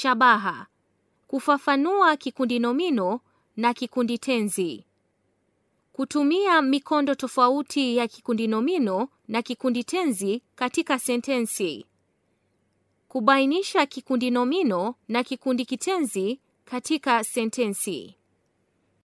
Shabaha: kufafanua kikundi nomino na kikundi tenzi. Kutumia mikondo tofauti ya kikundi nomino na kikundi tenzi katika sentensi. Kubainisha kikundi nomino na kikundi kitenzi katika sentensi.